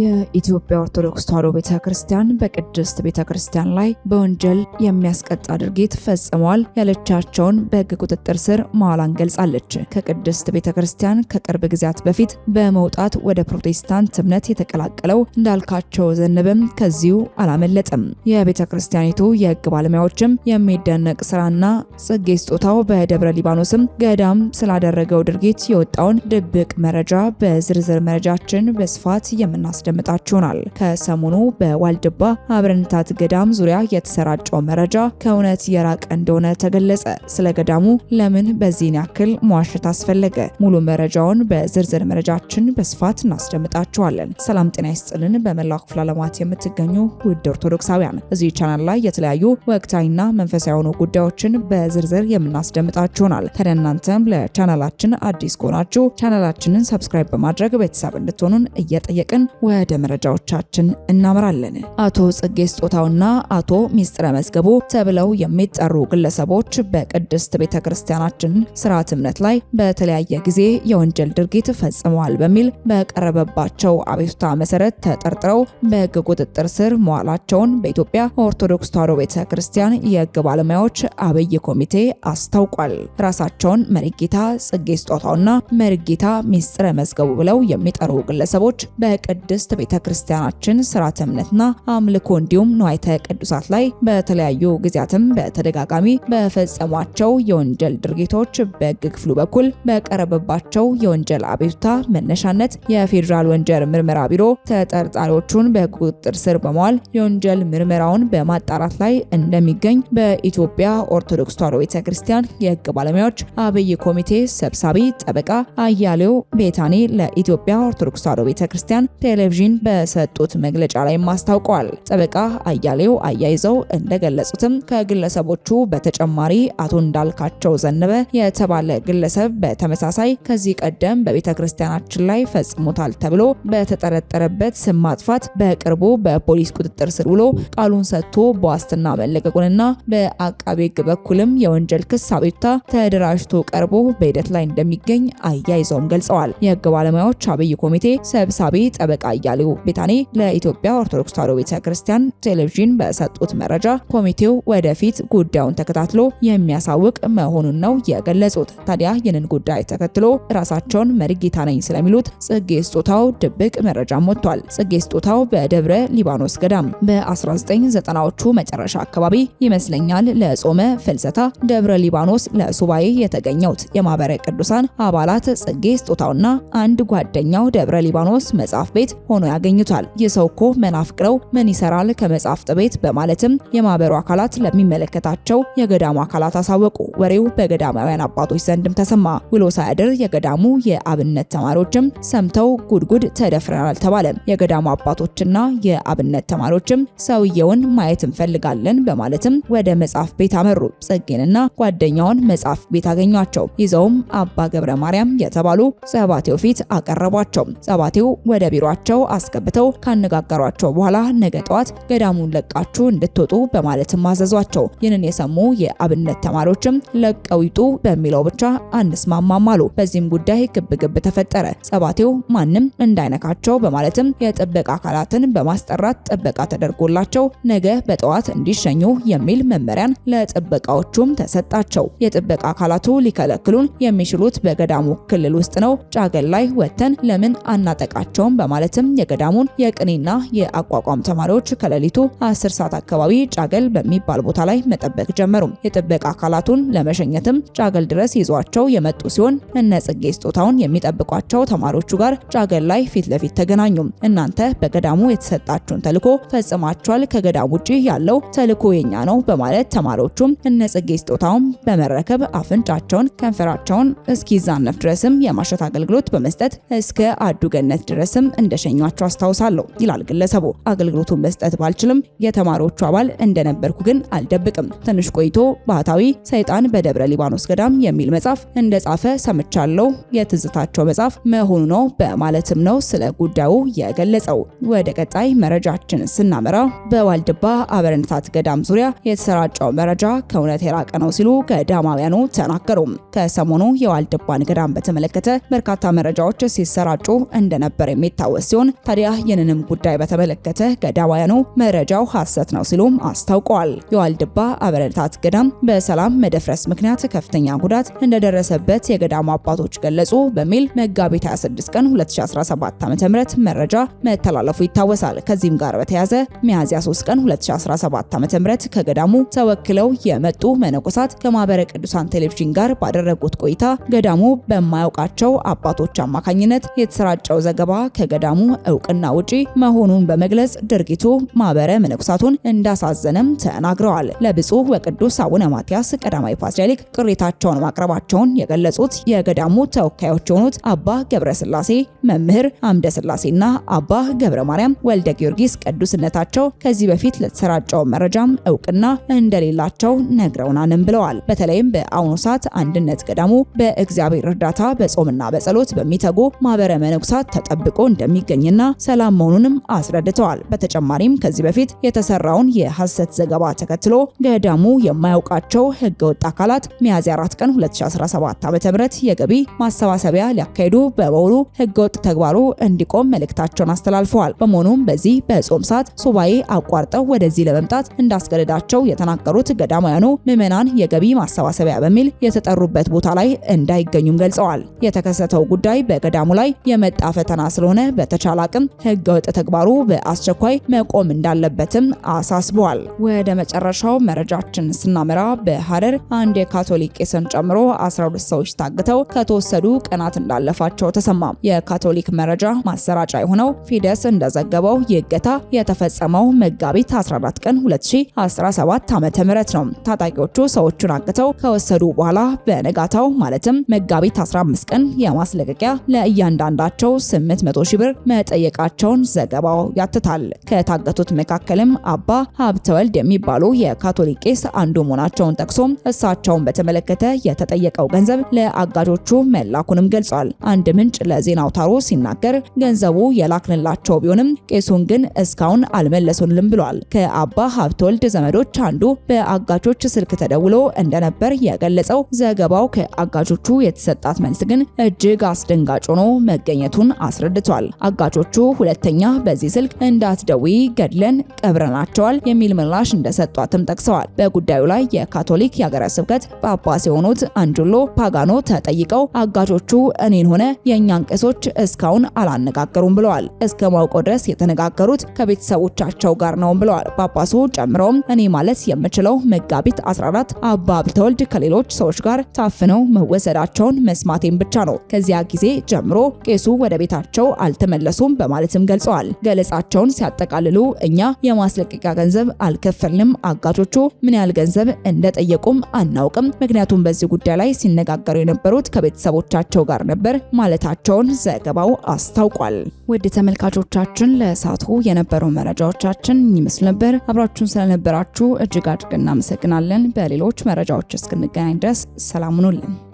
የኢትዮጵያ ኦርቶዶክስ ተዋሕዶ ቤተ ክርስቲያን በቅድስት ቤተ ክርስቲያን ላይ በወንጀል የሚያስቀጣ ድርጊት ፈጽመዋል ያለቻቸውን በሕግ ቁጥጥር ስር መዋሏን ገልጻለች። ከቅድስት ቤተ ክርስቲያን ከቅርብ ጊዜያት በፊት በመውጣት ወደ ፕሮቴስታንት እምነት የተቀላቀለው እንዳልካቸው ዘንብም ከዚሁ አላመለጠም። የቤተ ክርስቲያኒቱ የሕግ ባለሙያዎችም የሚደነቅ ስራና ጽጌ ስጦታው በደብረ ሊባኖስም ገዳም ስላደረገው ድርጊት የወጣውን ድብቅ መረጃ በዝርዝር መረጃችን በስፋት የምን እናስደምጣችሁናል። ከሰሞኑ በዋልድባ አብረንታት ገዳም ዙሪያ የተሰራጨው መረጃ ከእውነት የራቀ እንደሆነ ተገለጸ። ስለ ገዳሙ ለምን በዚህን ያክል መዋሸት አስፈለገ? ሙሉ መረጃውን በዝርዝር መረጃችን በስፋት እናስደምጣችኋለን። ሰላም ጤና ይስጥልን። በመላው ክፍለ ዓለማት የምትገኙ ውድ ኦርቶዶክሳውያን እዚህ ቻናል ላይ የተለያዩ ወቅታዊና መንፈሳዊ የሆኑ ጉዳዮችን በዝርዝር የምናስደምጣችሁናል። ታዲያ እናንተም ለቻናላችን አዲስ ከሆናችሁ ቻናላችንን ሰብስክራይብ በማድረግ ቤተሰብ እንድትሆኑን እየጠየቅን ወደ መረጃዎቻችን እናምራለን። አቶ ጽጌ ስጦታውና አቶ ሚስጥረ መዝገቡ ተብለው የሚጠሩ ግለሰቦች በቅድስት ቤተ ክርስቲያናችን ስርዓት እምነት ላይ በተለያየ ጊዜ የወንጀል ድርጊት ፈጽመዋል በሚል በቀረበባቸው አቤቱታ መሰረት ተጠርጥረው በህግ ቁጥጥር ስር መዋላቸውን በኢትዮጵያ ኦርቶዶክስ ተዋሕዶ ቤተ ክርስቲያን የሕግ ባለሙያዎች አብይ ኮሚቴ አስታውቋል። ራሳቸውን መርጌታ ጽጌ ስጦታውና መርጌታ ሚስጥረ መዝገቡ ብለው የሚጠሩ ግለሰቦች በቅድ ቅድስት ቤተ ክርስቲያናችን ስርዓተ እምነትና አምልኮ እንዲሁም ንዋይተ ቅዱሳት ላይ በተለያዩ ጊዜያትም በተደጋጋሚ በፈጸሟቸው የወንጀል ድርጊቶች በህግ ክፍሉ በኩል በቀረበባቸው የወንጀል አቤቱታ መነሻነት የፌዴራል ወንጀል ምርመራ ቢሮ ተጠርጣሪዎቹን በቁጥጥር ስር በመዋል የወንጀል ምርመራውን በማጣራት ላይ እንደሚገኝ በኢትዮጵያ ኦርቶዶክስ ተዋሕዶ ቤተ ክርስቲያን የህግ ባለሙያዎች አብይ ኮሚቴ ሰብሳቢ ጠበቃ አያሌው ቤታኔ ለኢትዮጵያ ኦርቶዶክስ ተዋሕዶ ቤተ ክርስቲያን ቴሌቪዥን በሰጡት መግለጫ ላይም አስታውቀዋል። ጠበቃ አያሌው አያይዘው እንደገለጹትም ከግለሰቦቹ በተጨማሪ አቶ እንዳልካቸው ዘነበ የተባለ ግለሰብ በተመሳሳይ ከዚህ ቀደም በቤተ ክርስቲያናችን ላይ ፈጽሞታል ተብሎ በተጠረጠረበት ስም ማጥፋት በቅርቡ በፖሊስ ቁጥጥር ስር ውሎ ቃሉን ሰጥቶ በዋስትና መለቀቁንና በአቃቤ ሕግ በኩልም የወንጀል ክስ አቤቱታ ተደራጅቶ ቀርቦ በሂደት ላይ እንደሚገኝ አያይዘውም ገልጸዋል። የህግ ባለሙያዎች አብይ ኮሚቴ ሰብሳቢ ጠበቃ አለቃ እያሌው ቤታኔ ለኢትዮጵያ ኦርቶዶክስ ተዋሕዶ ቤተ ክርስቲያን ቴሌቪዥን በሰጡት መረጃ ኮሚቴው ወደፊት ጉዳዩን ተከታትሎ የሚያሳውቅ መሆኑን ነው የገለጹት። ታዲያ ይህንን ጉዳይ ተከትሎ ራሳቸውን መሪጌታ ነኝ ስለሚሉት ጽጌ ስጦታው ድብቅ መረጃም ወጥቷል። ጽጌ ስጦታው በደብረ ሊባኖስ ገዳም በ1990ዎቹ መጨረሻ አካባቢ ይመስለኛል ለጾመ ፍልሰታ ደብረ ሊባኖስ ለሱባኤ የተገኘውት የማህበረ ቅዱሳን አባላት ጽጌ ስጦታውና አንድ ጓደኛው ደብረ ሊባኖስ መጽሐፍ ቤት ቤት ሆኖ ያገኙታል። ይህ ሰው እኮ መናፍቅረው ምን ይሰራል ከመጽሐፍት ቤት በማለትም የማህበሩ አካላት ለሚመለከታቸው የገዳሙ አካላት አሳወቁ። ወሬው በገዳማውያን አባቶች ዘንድም ተሰማ። ውሎ ሳያድር የገዳሙ የአብነት ተማሪዎችም ሰምተው ጉድጉድ ተደፍረናል ተባለ። የገዳሙ አባቶችና የአብነት ተማሪዎችም ሰውየውን ማየት እንፈልጋለን በማለትም ወደ መጽሐፍ ቤት አመሩ። ጽጌንና ጓደኛውን መጽሐፍ ቤት አገኟቸው። ይዘውም አባ ገብረ ማርያም የተባሉ ጸባቴው ፊት አቀረቧቸው። ጸባቴው ወደ ቢሮ አብረዋቸው አስገብተው ካነጋገሯቸው በኋላ ነገ ጠዋት ገዳሙን ለቃችሁ እንድትወጡ በማለትም አዘዟቸው። ይህንን የሰሙ የአብነት ተማሪዎችም ለቀው ይጡ በሚለው ብቻ አንስማማም አሉ። በዚህም ጉዳይ ግብግብ ተፈጠረ። ጸባቴው ማንም እንዳይነካቸው በማለትም የጥበቃ አካላትን በማስጠራት ጥበቃ ተደርጎላቸው ነገ በጠዋት እንዲሸኙ የሚል መመሪያን ለጥበቃዎቹም ተሰጣቸው። የጥበቃ አካላቱ ሊከለክሉን የሚችሉት በገዳሙ ክልል ውስጥ ነው፣ ጫገል ላይ ወጥተን ለምን አናጠቃቸውም በማለት ማለትም የገዳሙን የቅኔና የአቋቋም ተማሪዎች ከሌሊቱ 10 ሰዓት አካባቢ ጫገል በሚባል ቦታ ላይ መጠበቅ ጀመሩ። የጥበቃ አካላቱን ለመሸኘትም ጫገል ድረስ ይዟቸው የመጡ ሲሆን እነ ጽጌ ስጦታውን የሚጠብቋቸው ተማሪዎቹ ጋር ጫገል ላይ ፊት ለፊት ተገናኙ። እናንተ በገዳሙ የተሰጣችሁን ተልኮ ፈጽማችኋል፣ ከገዳሙ ውጪ ያለው ተልኮ የኛ ነው በማለት ተማሪዎቹም እነ ጽጌ ስጦታውን በመረከብ አፍንጫቸውን ከንፈራቸውን እስኪዛነፍ ድረስም የማሸት አገልግሎት በመስጠት እስከ አዱገነት ድረስም እንደ እንደሸኟቸው አስታውሳለሁ ይላል ግለሰቡ። አገልግሎቱን መስጠት ባልችልም የተማሪዎቹ አባል እንደነበርኩ ግን አልደብቅም። ትንሽ ቆይቶ ባህታዊ ሰይጣን በደብረ ሊባኖስ ገዳም የሚል መጽሐፍ እንደጻፈ ሰምቻለሁ። የትዝታቸው መጽሐፍ መሆኑ ነው በማለትም ነው ስለ ጉዳዩ የገለጸው። ወደ ቀጣይ መረጃችን ስናመራ በዋልድባ አበረንታት ገዳም ዙሪያ የተሰራጨው መረጃ ከእውነት የራቀ ነው ሲሉ ገዳማውያኑ ተናገሩ። ከሰሞኑ የዋልድባን ገዳም በተመለከተ በርካታ መረጃዎች ሲሰራጩ እንደነበር የሚታወስ የሚገለጽ ሲሆን ታዲያ ይህንንም ጉዳይ በተመለከተ ገዳማውያኑ መረጃው ሐሰት ነው ሲሉም አስታውቀዋል። የዋልድባ አበረታት ገዳም በሰላም መደፍረስ ምክንያት ከፍተኛ ጉዳት እንደደረሰበት የገዳሙ አባቶች ገለጹ በሚል መጋቢት 26 ቀን 2017 ዓ.ም መረጃ መተላለፉ ይታወሳል። ከዚህም ጋር በተያያዘ ሚያዝያ 3 ቀን 2017 ዓ.ም ከገዳሙ ተወክለው የመጡ መነኮሳት ከማህበረ ቅዱሳን ቴሌቪዥን ጋር ባደረጉት ቆይታ ገዳሙ በማያውቃቸው አባቶች አማካኝነት የተሰራጨው ዘገባ ከገዳሙ ከሰላሙ እውቅና ውጪ መሆኑን በመግለጽ ድርጊቱ ማህበረ መነኮሳቱን እንዳሳዘነም ተናግረዋል። ለብፁዕ ወቅዱስ አቡነ ማትያስ ቀዳማዊ ፓትርያርክ ቅሬታቸውን ማቅረባቸውን የገለጹት የገዳሙ ተወካዮች የሆኑት አባ ገብረስላሴ መምህር አምደ ስላሴና አባ ገብረ ማርያም ወልደ ጊዮርጊስ ቅዱስነታቸው ከዚህ በፊት ለተሰራጨው መረጃም እውቅና እንደሌላቸው ነግረውናንም ብለዋል። በተለይም በአሁኑ ሰዓት አንድነት ገዳሙ በእግዚአብሔር እርዳታ በጾምና በጸሎት በሚተጉ ማህበረ መነኩሳት ተጠብቆ እንደሚ እንደሚገኝና ሰላም መሆኑንም አስረድተዋል። በተጨማሪም ከዚህ በፊት የተሰራውን የሐሰት ዘገባ ተከትሎ ገዳሙ የማያውቃቸው ህገወጥ አካላት ሚያዝያ 4 ቀን 2017 ዓ.ም የገቢ ማሰባሰቢያ ሊያካሂዱ በመሆኑ ህገወጥ ተግባሩ እንዲቆም መልእክታቸውን አስተላልፈዋል። በመሆኑም በዚህ በጾም ሰዓት ሱባኤ አቋርጠው ወደዚህ ለመምጣት እንዳስገደዳቸው የተናገሩት ገዳማውያኑ ምዕመናን የገቢ ማሰባሰቢያ በሚል የተጠሩበት ቦታ ላይ እንዳይገኙም ገልጸዋል። የተከሰተው ጉዳይ በገዳሙ ላይ የመጣ ፈተና ስለሆነ በተ በተቻለ አቅም ህገወጥ ተግባሩ በአስቸኳይ መቆም እንዳለበትም አሳስበዋል። ወደ መጨረሻው መረጃችን ስናመራ በሐረር አንድ የካቶሊክ ቄስን ጨምሮ 12 ሰዎች ታግተው ከተወሰዱ ቀናት እንዳለፋቸው ተሰማ። የካቶሊክ መረጃ ማሰራጫ የሆነው ፊደስ እንደዘገበው የእገታ የተፈጸመው መጋቢት 14 ቀን 2017 ዓ.ም ነው። ታጣቂዎቹ ሰዎቹን አግተው ከወሰዱ በኋላ በነጋታው ማለትም መጋቢት 15 ቀን የማስለቀቂያ ለእያንዳንዳቸው 800 ሺህ ብር መጠየቃቸውን ዘገባው ያትታል። ከታገቱት መካከልም አባ ሀብተወልድ የሚባሉ የካቶሊክ ቄስ አንዱ መሆናቸውን ጠቅሶ እሳቸውን በተመለከተ የተጠየቀው ገንዘብ ለአጋጆቹ መላኩንም ገልጿል። አንድ ምንጭ ለዜና አውታሩ ሲናገር ገንዘቡ የላክንላቸው ቢሆንም ቄሱን ግን እስካሁን አልመለሱንልም ብሏል። ከአባ ሀብተወልድ ዘመዶች አንዱ በአጋጆች ስልክ ተደውሎ እንደነበር የገለጸው ዘገባው ከአጋጆቹ የተሰጣት መልስ ግን እጅግ አስደንጋጭ ሆኖ መገኘቱን አስረድቷል። አጋቾቹ ሁለተኛ በዚህ ስልክ እንዳትደዊ ገድለን ቀብረናቸዋል የሚል ምላሽ እንደሰጧትም ጠቅሰዋል። በጉዳዩ ላይ የካቶሊክ የሀገረ ስብከት ጳጳስ የሆኑት አንጁሎ ፓጋኖ ተጠይቀው አጋቾቹ እኔን ሆነ የእኛን ቄሶች እስካሁን አላነጋገሩም ብለዋል። እስከ ማውቀው ድረስ የተነጋገሩት ከቤተሰቦቻቸው ጋር ነው ብለዋል። ጳጳሱ ጨምረውም እኔ ማለት የምችለው መጋቢት 14 አባ ብተወልድ ከሌሎች ሰዎች ጋር ታፍነው መወሰዳቸውን መስማቴን ብቻ ነው። ከዚያ ጊዜ ጀምሮ ቄሱ ወደ ቤታቸው አልተመ አልተመለሱም በማለትም ገልጸዋል። ገለጻቸውን ሲያጠቃልሉ እኛ የማስለቀቂያ ገንዘብ አልከፈልንም፣ አጋቾቹ ምን ያህል ገንዘብ እንደጠየቁም አናውቅም፣ ምክንያቱም በዚህ ጉዳይ ላይ ሲነጋገሩ የነበሩት ከቤተሰቦቻቸው ጋር ነበር ማለታቸውን ዘገባው አስታውቋል። ውድ ተመልካቾቻችን ለእሳቱ የነበሩ መረጃዎቻችን ይመስሉ ነበር። አብራችሁን ስለነበራችሁ እጅግ አድርገን እናመሰግናለን። በሌሎች መረጃዎች እስክንገናኝ ድረስ ሰላም ሁኑልን።